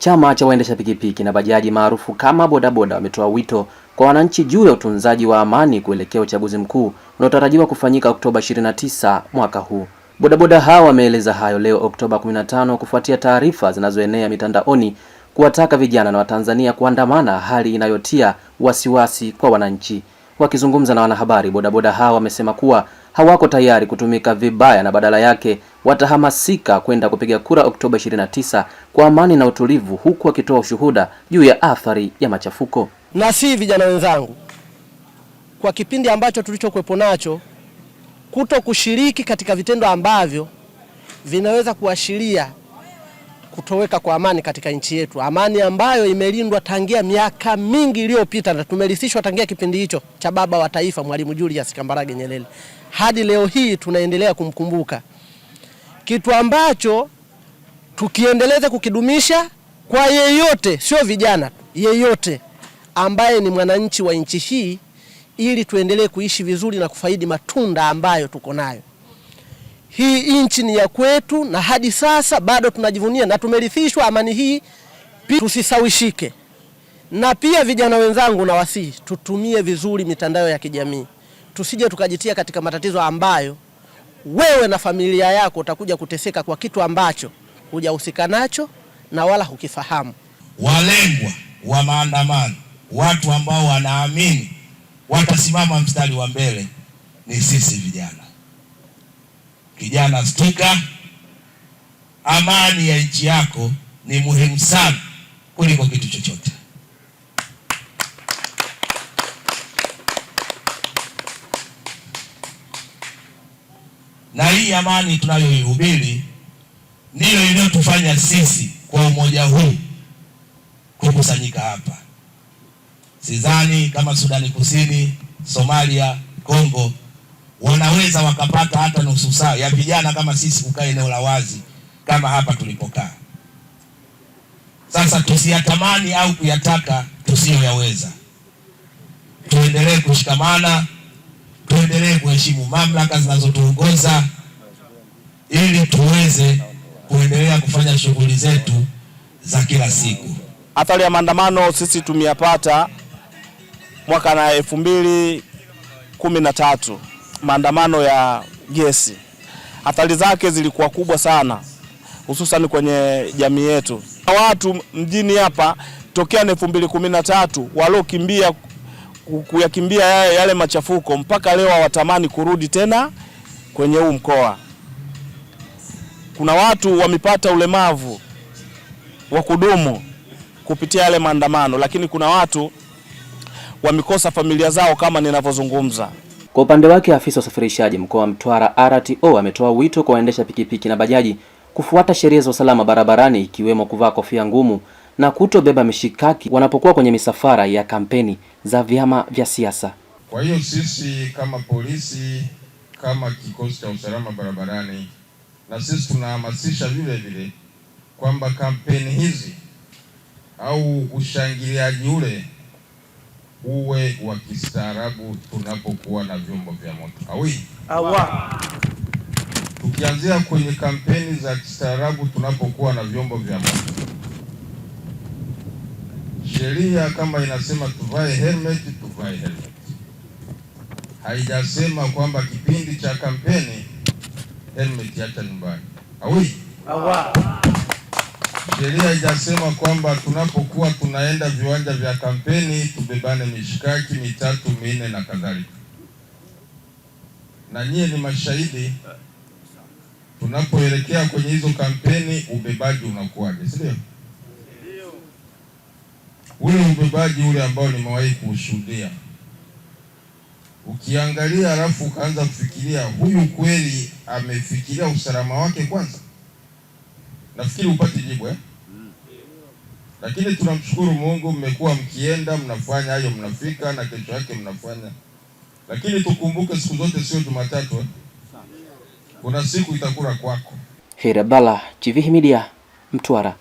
Chama cha waendesha pikipiki na bajaji maarufu kama bodaboda wametoa wito kwa wananchi juu ya utunzaji wa amani kuelekea uchaguzi mkuu unaotarajiwa kufanyika Oktoba 29 mwaka huu. Bodaboda hao wameeleza hayo leo Oktoba 15 kufuatia taarifa zinazoenea mitandaoni kuwataka vijana na Watanzania kuandamana, hali inayotia wasiwasi wasi kwa wananchi. Wakizungumza na wanahabari, bodaboda hao wamesema kuwa hawako tayari kutumika vibaya na badala yake watahamasika kwenda kupiga kura Oktoba 29 kwa amani na utulivu, huku wakitoa ushuhuda juu ya athari ya machafuko. Na si vijana wenzangu, kwa kipindi ambacho tulichokuwepo nacho, kuto kushiriki katika vitendo ambavyo vinaweza kuashiria kutoweka kwa amani katika nchi yetu, amani ambayo imelindwa tangia miaka mingi iliyopita na tumelisishwa tangia kipindi hicho cha baba wa taifa Mwalimu Julius Kambarage Nyerere. Hadi leo hii tunaendelea kumkumbuka kitu ambacho tukiendeleza kukidumisha kwa yeyote, sio vijana, yeyote ambaye ni mwananchi wa nchi hii, ili tuendelee kuishi vizuri na kufaidi matunda ambayo tuko nayo. Hii nchi ni ya kwetu, na hadi sasa bado tunajivunia na tumerithishwa amani hii, tusisawishike. Na pia vijana wenzangu, na wasii tutumie vizuri mitandao ya kijamii, tusije tukajitia katika matatizo ambayo wewe na familia yako utakuja kuteseka kwa kitu ambacho hujahusika nacho na wala hukifahamu. Walengwa wa maandamano, watu ambao wanaamini watasimama mstari wa mbele ni sisi vijana. Kijana stuka, amani ya nchi yako ni muhimu sana kuliko kitu chochote. na hii amani tunayoihubiri ndiyo iliyotufanya sisi kwa umoja huu kukusanyika hapa. Sidhani kama Sudani Kusini, Somalia, Kongo wanaweza wakapata hata nusu saa ya vijana kama sisi kukaa eneo la wazi kama hapa tulipokaa. Sasa tusiyatamani au kuyataka tusiyoyaweza, tuendelee kushikamana tuendelee kuheshimu mamlaka zinazotuongoza ili tuweze kuendelea kufanya shughuli zetu za kila siku. Athari ya maandamano sisi tumeyapata mwaka na elfu mbili kumi na tatu maandamano ya gesi. Athari zake zilikuwa kubwa sana, hususan kwenye jamii yetu. Watu mjini hapa tokea na elfu mbili kumi na tatu waliokimbia kuyakimbia yale machafuko mpaka leo hawatamani kurudi tena kwenye huu mkoa. Kuna watu wamepata ulemavu wa kudumu kupitia yale maandamano, lakini kuna watu wamekosa familia zao kama ninavyozungumza. Kwa upande wake, afisa wa usafirishaji mkoa wa Mtwara RTO ametoa wito kwa waendesha pikipiki na bajaji kufuata sheria za usalama barabarani ikiwemo kuvaa kofia ngumu na kutobeba mishikaki wanapokuwa kwenye misafara ya kampeni za vyama vya siasa. Kwa hiyo sisi kama polisi, kama kikosi cha usalama barabarani, na sisi tunahamasisha vile vile kwamba kampeni hizi au ushangiliaji ule uwe wa kistaarabu tunapokuwa na vyombo vya moto awi awa, tukianzia kwenye kampeni za kistaarabu tunapokuwa na vyombo vya moto sheria kama inasema tuvae helmet, tuvae helmet. Haijasema kwamba kipindi cha kampeni helmet acha nyumbani awi. Sheria haijasema kwamba tunapokuwa tunaenda viwanja vya kampeni tubebane mishikaki mitatu minne na kadhalika, na nyie ni mashahidi tunapoelekea kwenye hizo kampeni ubebaji unakuwaje, si ndio? ule ubebaji ule ambao nimewahi kuushuhudia. Ukiangalia alafu ukaanza kufikiria, huyu kweli amefikiria usalama wake kwanza? Nafikiri upate jibu eh? Lakini tunamshukuru Mungu, mmekuwa mkienda mnafanya hayo, mnafika na kesho yake mnafanya. Lakini tukumbuke siku zote sio Jumatatu eh? kuna siku itakula kwako. Khairabala, Chivihi Media, Mtwara.